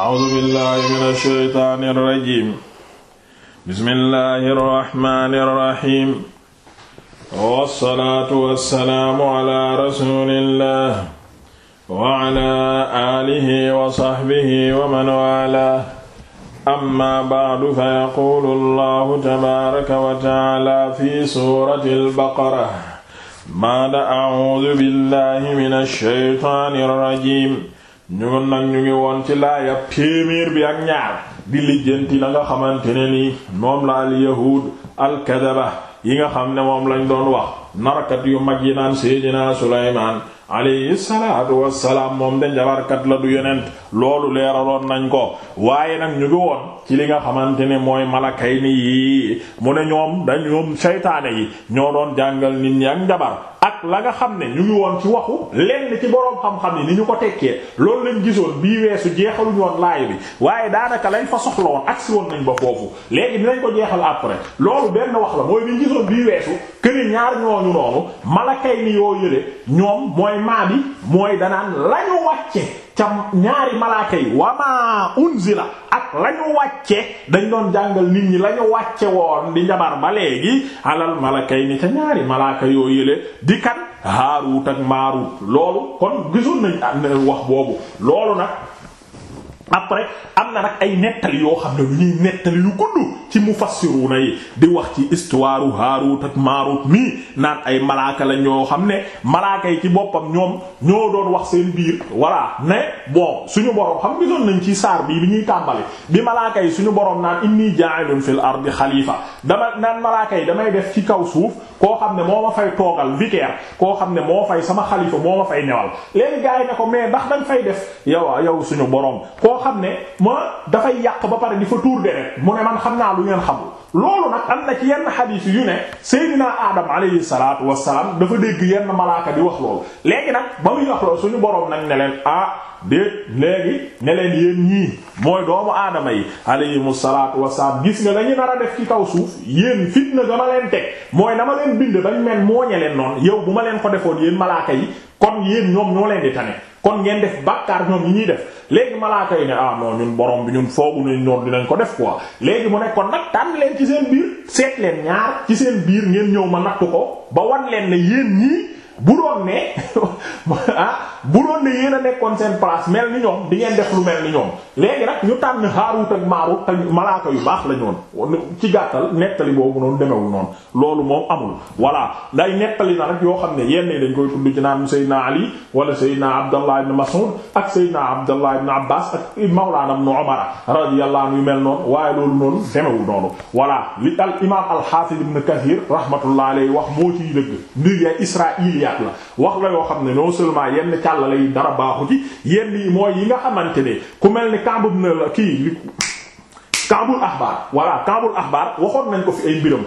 a'uuzu billaahi mina shaytaani rajiim bismillaahi rahmaani rahiim wassalaatu wassalaamu alaa rasuulillaah wa alaa aalihi wa sahbihi wa man waalaah amma ba'du fa yaquulu allaahu tabaaraka wa ta'aalaa fi suuratil baqara ba'da a'uuzu billaahi mina shaytaani rajiim ñun nag ñu ngi woon ci laayab téeméer bi ak ñaar di lijjanti la nga xamante ne nii moom la al yahuud al yi nga xam ne moom lañ doon wax narkat yu mag yi naan seydinaa Sulaymaan alayhi salaatu wassalaam moom de njabarkat la du yonent loolu leeraloon nañ ko waaye nag ñu ngi woon ci li nga xamante ne mooy malakay ni yii mu ne ñoom dañ seytaane yi ñoo doon jàngal nit ñi ak njabar ak la nga xam ne ñu ngi woon ci waxu lenn ci boroom xam-xam ni ni ñu ko tekkee loolu lañ gisoon bii weesu jeexaluñu woon laay bi waaye daanaka lañ fa soxla woon si woon nañ ba foofu léegi dinañ ko jeexal après loolu benn wax la mooy biñ gisoon bii weesu këri ñaar ñooñu noonu malakay ni yoo yële ñoom mooy maa bi mooy danaan lañu wàcce ca ñaari malaaka yi wama unzila ak la ñu wàcce dañ doon jàngal nit ñi la ñu wàcce woon di njabar ba léegi alal malaka yi ni di kan Haarut ak Maarut loolu kon gisoon nañ ah, wax boobu loolu nag après am na nag ay nettali yoo xam ne lu ñuy nettali yu gudd ci na yi di wax ci histoire Haarut ak Maarut mii naan ay malaaka la ñoo xam ne malaaka yi ci boppam ñoom ñoo doon wax seen biir voilà ne bon suñu borom xam gisoon nañ ci saar bii bi ñuy tàmbali bi malaaka yi suñu borom naan inni ja'ilun fil ardi xalifa dama naan malaaka yi damay def ci kaw suuf koo xam ne moo ma fay toogal vicaire koo xam ne moo fay sama xalifa moo ma fay newal léegi ko mais ndax fay def yow yow suñu borom boo xam ne ma dafay yàq ba pare di fa tuur deret mu ne man xam naa lu ngeen xamul loolu nag am na ci yenn xadiis yu ne Seydina Adam alayhi salaatu wassalaam dafa dégg yenn malaaka di wax loolu léegi nag ba muy wax loolu suñu boroom nag ne leen ah déet léegi ne leen yéen ñii mooy doomu aadama yi alayhimu salaatu wassalaam gis nga lañu nar a def ci kaw suuf yéen fitna dama leen teg mooy na ma leen bind dañ mel mooñe leen noonu yow bu ma leen ko defoon yéen malaaka yi kon yéen ñoom ñoo leen di tane kon ngeen def bàkkaar ñoom yi ñuy def léegi malaaka yi ne ah non ñun borom bi ñun foogu nañ noon dinañ ko def quoi léegi mu ne kon nag tànn leen ci seen biir seet leen ñaar ci seen biir ngeen ñëw ma nattu ko ba wan leen ne yéen ñii bu doon ne ah bu doon ne yéen a nekkoon seen place mel ni ñoom di ngeen def lu mel ni ñoom léegi nag ñu tànn Haarut ak Maarut te malaaka yu baax la ñu woon ci gàttal nettali boobu noonu demewul noonu loolu moom amul voilà day nettali na rek yoo xam ne yenn dañ koy tudd ci naan Seydina Ali wala Seydina Abdallah ibn Mas'ud ak Seydina Abdallah ibn Abbas ak Mawlana ibn Umar radiyallahu anhu yu mel noonu waaye loolu noonu demewul noonu voilà li al imaam al-Hafiz ibn Kathir rahmatullahi alayhi wax moo ciy dëgg ndir murjiyaat la wax la yoo xam ne non seulement yenn càllale yi dara baaxu ci yenn yi mooy yi nga xamante ne ku mel ni Ka'b ibn kii Kaabul Axbaar voilà Kaabul Axbaar waxoon nañ ko fi ay mbiram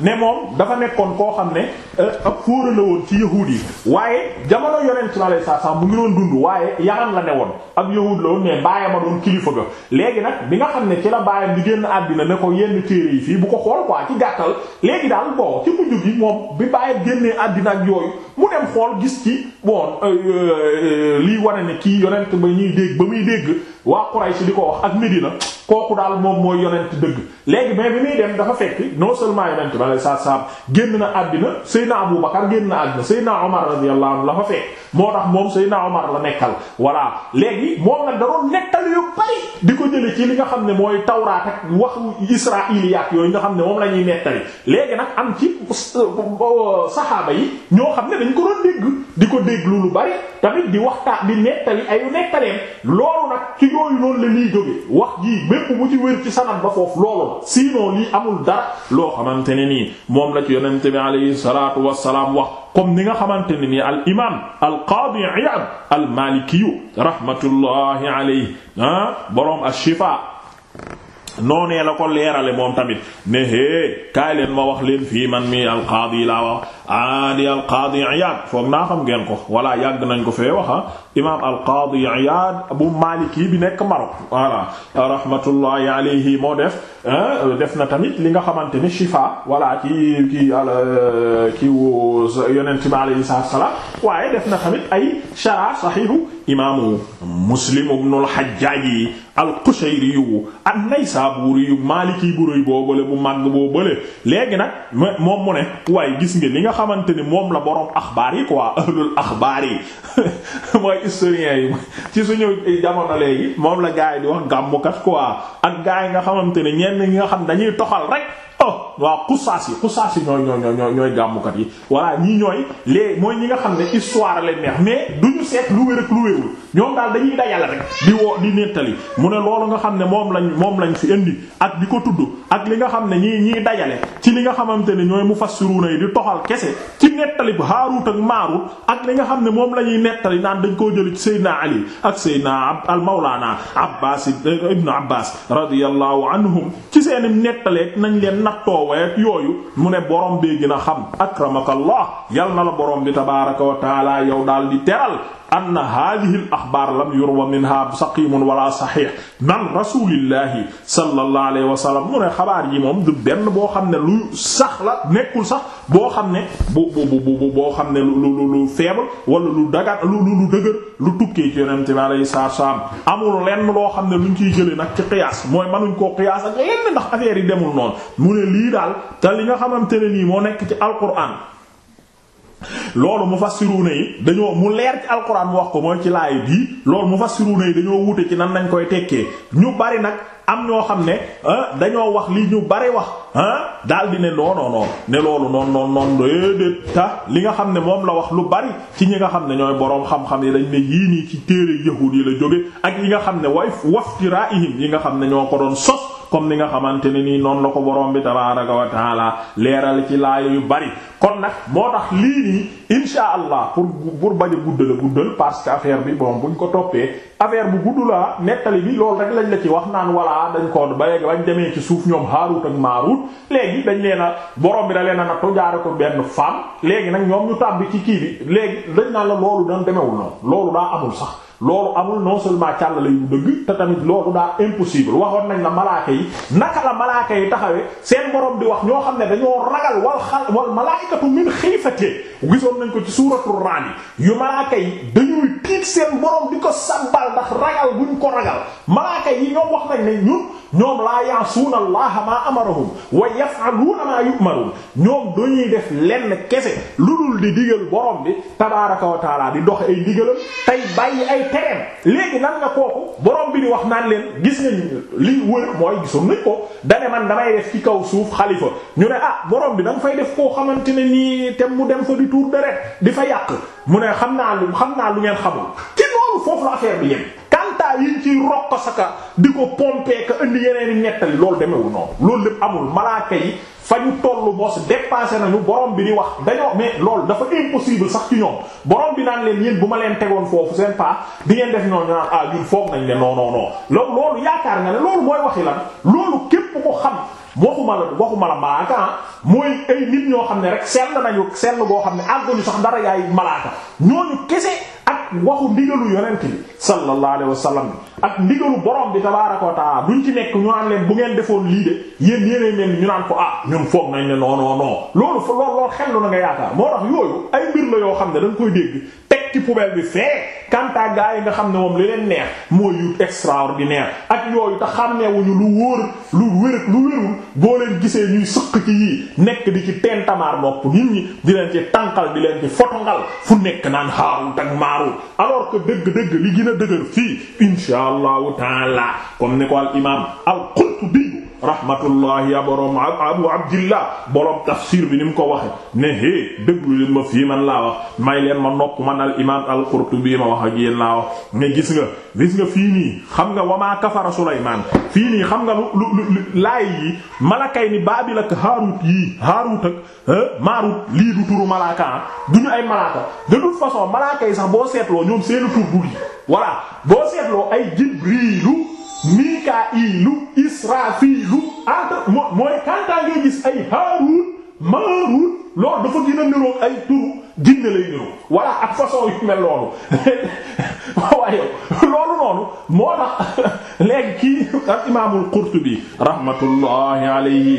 ne moom dafa nekkoon koo xam ne euh, ab fóora la woon ci yahuud yi waaye jamono yonent na lay saa saa mu ngi doon dund waaye Yaman la ne woon ab yahuud la woon mais baayama doon kilifa ga léegi nag bi nga xam ne ci la baayam di génn àddina ne ko yenn téere yi fii bu ko xool quoi ci gàttal léegi daal bon ci mujj gi moom bi baayam génnee àddina ak yooyu mu dem xool gis ci bon euh, euh, lii wane ne kii ba ñuy dégg ba muy dégg waa Quraysh di ko wax ak Medina kooku daal moom mooy yonent dëgg léegi mais bi muy dem dafa fekk non seulement yonent bi alayhi salaatu salaam génn na àddina Seydina Abu Bakar génn na àddina Seydina Omar radiyallahu anhu la fa moo tax moom Seydina Omar la nekkal voilà léegi moom nag da doon nekkal yu di ko jële ci li nga xam ne mooy tawraat ak waxu israiliyaat yooyu nga xam ne moom la ñuy nettali léegi nag am ci saxaaba yi ñoo xam ne dañ ko di ko déglu lu bari tamit di waxtaan di nettali yooyu noonu la ñuy jógee wax bépp mu ci wér ci sanad ba foofu amul dara loo xamante ne nii moom la ci yonent bi alayhi salaatu wax comme ni nga xamante ne nii al imaam al qaadi Iyaad al maalikiyu rahmatullahi alayhi ah boroom ash-Shifaa noonee la ko leerale moom tamit ne hé kaay leen ma wax leen fii man mi alqaadi laa wax a di alqaadi Iyaad foog naa xam ngeen ko walla yàgg nañ ko fee wax ah, imaam alqaadi Iyaad bu Maliki bi nekk Marok voilà rahmatullahi alayhi moo def ah, def na tamit li nga xamante ni Shifa voilà wala ki ki wu yonent bi alayhi salaam waaye def na tamit ay shara sahihu imaamu Muslim ibnul Hajjaaj al-Qushayri yu an-Naysaburi yu Maliki bu rëy boobale bu màgg boobale léegi nag moom mu ne waaye gis nga li nga xamante ni moom la borom axbaar yi quoi ahlul axbaar yi mooy historiens yi ci suñu jamono léegi moom la gaa yi di wax gàmmukat quoi ak gaa yi nga xamante ne ñenn ñi nga xam dañuy toxal rek. waaw xusaas yi xusaas yi ñooy ñooy gàmmukat yi voilà ñii ñooy les mooy ñi nga xam ne histoire leen neex mais duñu seet lu wér ak lu wérul ñoom daal dañuy dajal rek di woo di nettali mu ne loolu nga xam ne moom lañ moom lañ fi indi ak di ko tudd ak li nga xam ne ñii ñiy dajale ci li nga xamante ne ñooy mufassiruna yi di toxal kese ci nettali bu Haarut ak Maarut ak li nga xam ne moom la ñuy nettali naan dañ koo jëli ci Seydina Ali ak Seydina al Mawlana Abbas ibn Abbas radiyallahu anhum ci seen nettaleek nañ leen nattoo yooyu mu ne borom bee gin a xam ak akramakallah yal na la borom bi tabaaraka wa taala yow daal di teral anna hadhihi al axbaar lam yurwa minha saqimun wala saxiix man rasulillahi sallallahu alayhi wa sallam mu ne xabaar yi moom du benn boo xam ne lu sax la nekkul sax boo xam ne bu bu bu boo xam ne lu lu lu faible wala lu daga lu lu dëgër lu tukkee ci yonente bi alayhi salaam amul lenn loo xam ne luñ ciy jëlee nag ci qiyaas mooy mënuñ koo qiyaas ak lenn ndax affaire yi demul noonu mu ne lii daal te li nga xamante ne nii moo nekk ci alquran loolu mu mufassiruna yi dañoo mu leer ci alxuraan wax ko mooy ci laay bii loolu mu mufassiruna yi dañoo wute ci nan lañ koy tekkee ñu bari nag am ñoo xam ne ah, dañoo wax li ñu bari wax ah daal di ne non non non ne loolu noonu noonu noonu déedéet ta li nga xam ne moom la wax lu bari ci ñi nga xam ne ñooy boroom xam-xam yi dañ ne yii nii ci téere yahuud yi la jóge ak yi nga xam ne way waftira'ihim yi nga xam ne ñoo ko doon sos. comme ni nga xamante ne nii noonu la ko borom bi tabaaraka wa taala leeral ci laaya yu bari kon nag moo tax lii nii insha allah pour pour bañ a guddal a guddal parce que affaire bi bon buñ ko toppee affaire bu gudd la nettali bi loolu rek lañ la ci wax naan walla dañ ko ba léegi bañ demee ci suuf ñoom Haarut ak Maarut léegi dañ leen a borom bi da leen a nattu jaare ko benn femme léegi nag ñoom ñu tàbbi ci kii léegi dañ naan la loolu dañ demewul noonu loolu daa amul sax. loolu amul non seulement càll lay bu dëgg te tamit loolu daa impossible waxoon nañ la malaaka yi naka la malaaka yi taxawee seen borom di wax ñoo xam ne dañoo ragal wal xal wal malaa'ikatu min xiifate gisoon nañ ko ci suuratu Ra'd yu malaaka yi dañuy tiit seen borom di ko sabbal ndax ragal buñ ko ragal malaaka yi ñoom wax nañ ne ñun ñoom laa yaasuuna allaha maa amarahum wa yaf'aluuna maa yu'maruun ñoom dañuy def lenn kese lu dul di digal borom bi tabaaraka wa taala di dox ay digalam tey bàyyi ay tereem léegi nan nga kooku borom bi di wax naan leen gis nga li wër mooy gisoon nañ ko dane man damay def ci kaw suuf xalifa ñu ne ah borom bi da nga fay def koo xamante ne nii te mu dem fa di tuur deret di fa yàq mu ne xam naa lu xam naa lu ngeen xamul ci loolu foofu la affaire bi yem kantaa yiñ ci rokk saka di ko pomper ka indi yeneen i ñettali loolu demewu noonu loolu lépp amul malaaka yi fa ñu tollu bos dépassé nañu borom bi di wax dañoo mais loolu dafa impossible sax ci ñoom borom bi naan leen yéen bu ma leen tegoon foofu seen pas di ngeen def ñoo naan ah ñun foog nañ ne non non non loolu yaakaar nga ne loolu mooy waxi lan loolu képp ko xam. waxuma la waxuma la malaaka ah, mooy ay nit ñoo xam ne rek sell nañu sell boo xam ne àgguñu sax dara yaay malaaka ñooñu kese. waxu ndigalu yonent bi sallallahu alayhi wa sallam ak ndigalu borom bi tabaaraka wa ta'ala duñ ci nekk ñu naan leen bu ngeen defoon lii de yéen yéenay mel ñu naan ko a ah ñun foog nañ ne non non non loolu fa loolu loolu xel na nga yaakaar moo tax yooyu ay mbir la yoo xam ne dañ koy dégg ci poubelle bi fee kanta nga xam ne moom li leen neex mooy yu extraordinaire ak yooyu te xàmmeewuñu lu wóor lu wér lu boo leen gisee ñuy sëq ci yii nekk di ci tentamaar bokk nit ñi di leen ci tànqal di leen ci fotongal fu nekk naan xaarut ak maarut alors que dëgg-dëgg li gën a dëgër fii insha allahu taala comme ni ko al imam al Qurtubi rahmatullahi ya borom abu abdillah borom tafsir bi ni mu ko waxe ne hé déglu leen ma fii man laa wax may leen ma nopp man al imam al qurtubi ma wax ak yéen laa wax ne gis nga gis nga fii nii xam nga wamaa kafara sulaymaan fii nii xam nga lu lu lu laay yi malakay ni baabil ak haarut yii haarut ak eh, maarut lii du turu malaaka ah du ñu ay malaaka de façon malaaka yi sax boo seetloo ñoom seeni tur du lii voilà boo seetloo ay jibriilu Mikaayilu Israafiilu entre ah, moo mooy kantaa ngay gis ay Haaruun Maaruun loolu dafa gën a niroog ay turu jinne lay niroo walla ak façon yu mel loolu waaye loolu noonu moo tax léegi kii al imaamul Qurtubi rahmatullahi alayhi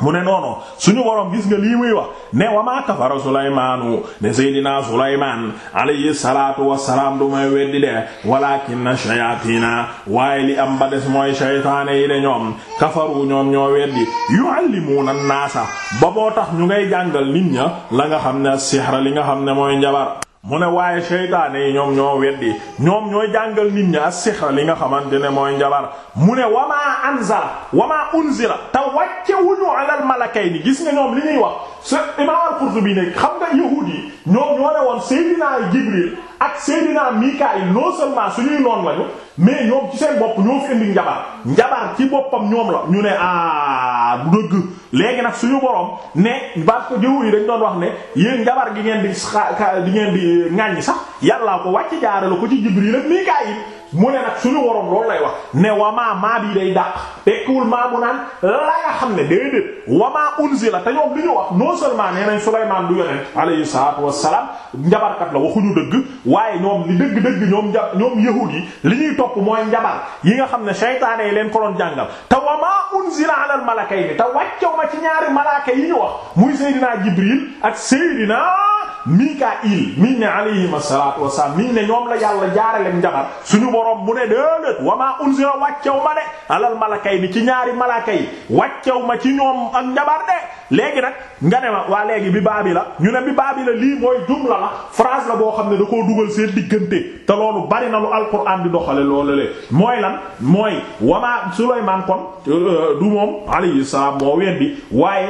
mu ne noonu suñu borom gis nga lii muy wax ne wa maa kafara Sulaymaanu ne Seydina Sulaymaan alayhi salaatu wa salaam du may weddi de walaakinna shayaatiina waaye li am ba des mooy shaytaane yi de ñoom kafaru ñoom ñoo weddi yuallimuuna naasa ba boo tax ñu ngay jàngal nit ña la nga xam ne sihra li nga xam ne mooy njabar. mu ne waaye seytaane yi ñoom ñoo weddi ñoom ñooy jàngal nit ñi as-sihra li nga xamante ne mooy njabar mu ne wamaa anzala wamaa unzila te wàccewuñu alal malakayni gis nga ñoom li ñuy wax sa imaam al-Qurtubi ne xam nga yahuud yi ñoom ñoo ne woon seydinaa Jibril ak Seydina Mikaayil non seulement suñuy noon lañu mais ñoom ci seen bopp ñoo fi indi njabar njabar ci boppam ñoom la ñu ne ah du dëgg léegi nag suñu borom ne parce que jiw yi dañ doon wax ne yéen njabar gi ngeen di xa di ngeen di ŋaññi sax yàllaa ko wàcc jaarale ko ci Jibril ak Mikaayil mu ne nag suñu waroon loolu lay wax ne wamaa maa bii day dàq tekkiwul maa bu naan la nga xam ne déedéet wamaa unzila te ñoom li ñu wax non seulement nee nañ Sulaymaan du yonent alayhi salaatu wassalaam njabarkat la waxuñu dëgg waaye ñoom li dëgg-dëgg ñoom ja ñoom yahuud yi li ñuy topp mooy njabar yi nga xam ne seytaane yi leen ko doon jàngal te wamaa unzila ala al malakayni te wàccew ma ci ñaari malaaka yi ñu wax muy Seydina Jibril ak Seydina Mikaayil miñ ne alayhim asalaatu wasalaam miñ ne ñoom la yàlla jaaralem njabar suñu borom mu ne déedéet wamaa unzila wàccew ma de alal malakay ni ci ñaari malaka yi wàccew ma ci ñoom ak njabar de léegi nag nga ne ma waa léegi bi baabi la ñu ne bi baabi la lii mooy jumla la phrase la boo xam ne da koo dugal seen diggante te loolu bari na lu alquran di doxale loolu le mooy lan mooy wamaa Sulaymaan kon euh, du moom alayhi salaam moo weddi waaye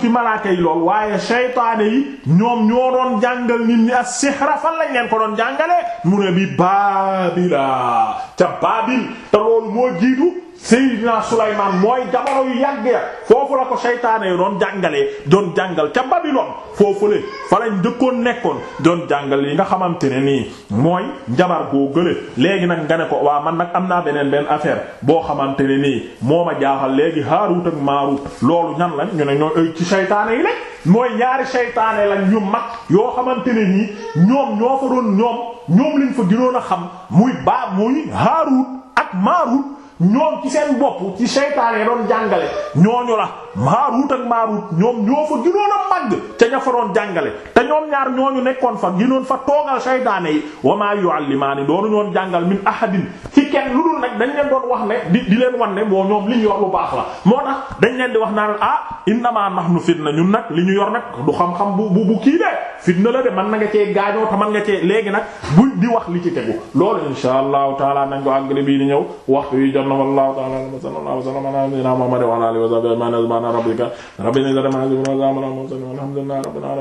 ci malaka yi waaye moo doon jàngal nit ñi as sihra fan lañ leen ko doon jàngale mu ne bi baabila ca baabil te loolu moo jiitu Seydina Sulaymaan mooy jamono yu yàgg ya foofu la ko seytaane yi doon jàngalee doon jàngal ca Babylone foofu le fa lañ dëkkoon nekkoon doon jàngal yi nga xamante ne nii mooy njabar boo gële léegi nag nga ne ko waa man nag am naa beneen benn affaire boo xamante ne nii moo ma jaaxal léegi Haaruut ak Maaruut loolu ñan lañ ñu ne ñooy ci seytaane yi lañ mooy ñaari seytaane lañ ñu mag yoo xamante ne nii ñoom ñoo fa doon ñoom ñoom lañ fa gënoon a xam muy baa muy Haaruut ak Maaruut ñoom ci seen bopp ci seytaane doon jàngale ñooñu la maaruut ak maaruut ñoom ñoo ginoon a màgg ca ña fa doon jàngale te ñoom ñaar ñooñu nekkoon fa ginoon fa toogal seytaane yi wa maa yu'allimaani doonu ñoon jàngal min ahadin ci dañ leen doon wax ne di di leen wan ne boo ñoom li ñu yor lu baax la moo tax dañ leen di wax naan ah innama nahnu fitna ñun nag li ñu yor nag du xam-xam bu bu bu kii de fitna la de man na nga cee gaañoo te man nga cee léegi nag bu di wax li ci tegu loolu insha allahu taala nañ ko àggale bii di ñëw waxtu yi jot na wallahu taala sallallahu alayhi wa sallam ala nabiyyina muhammad wa ala alihi wa sahbihi ajma'in subhana rabbika rabbil izzati amma yasifun wa salamun ala al mursalin walhamdulillahi rabbil alamin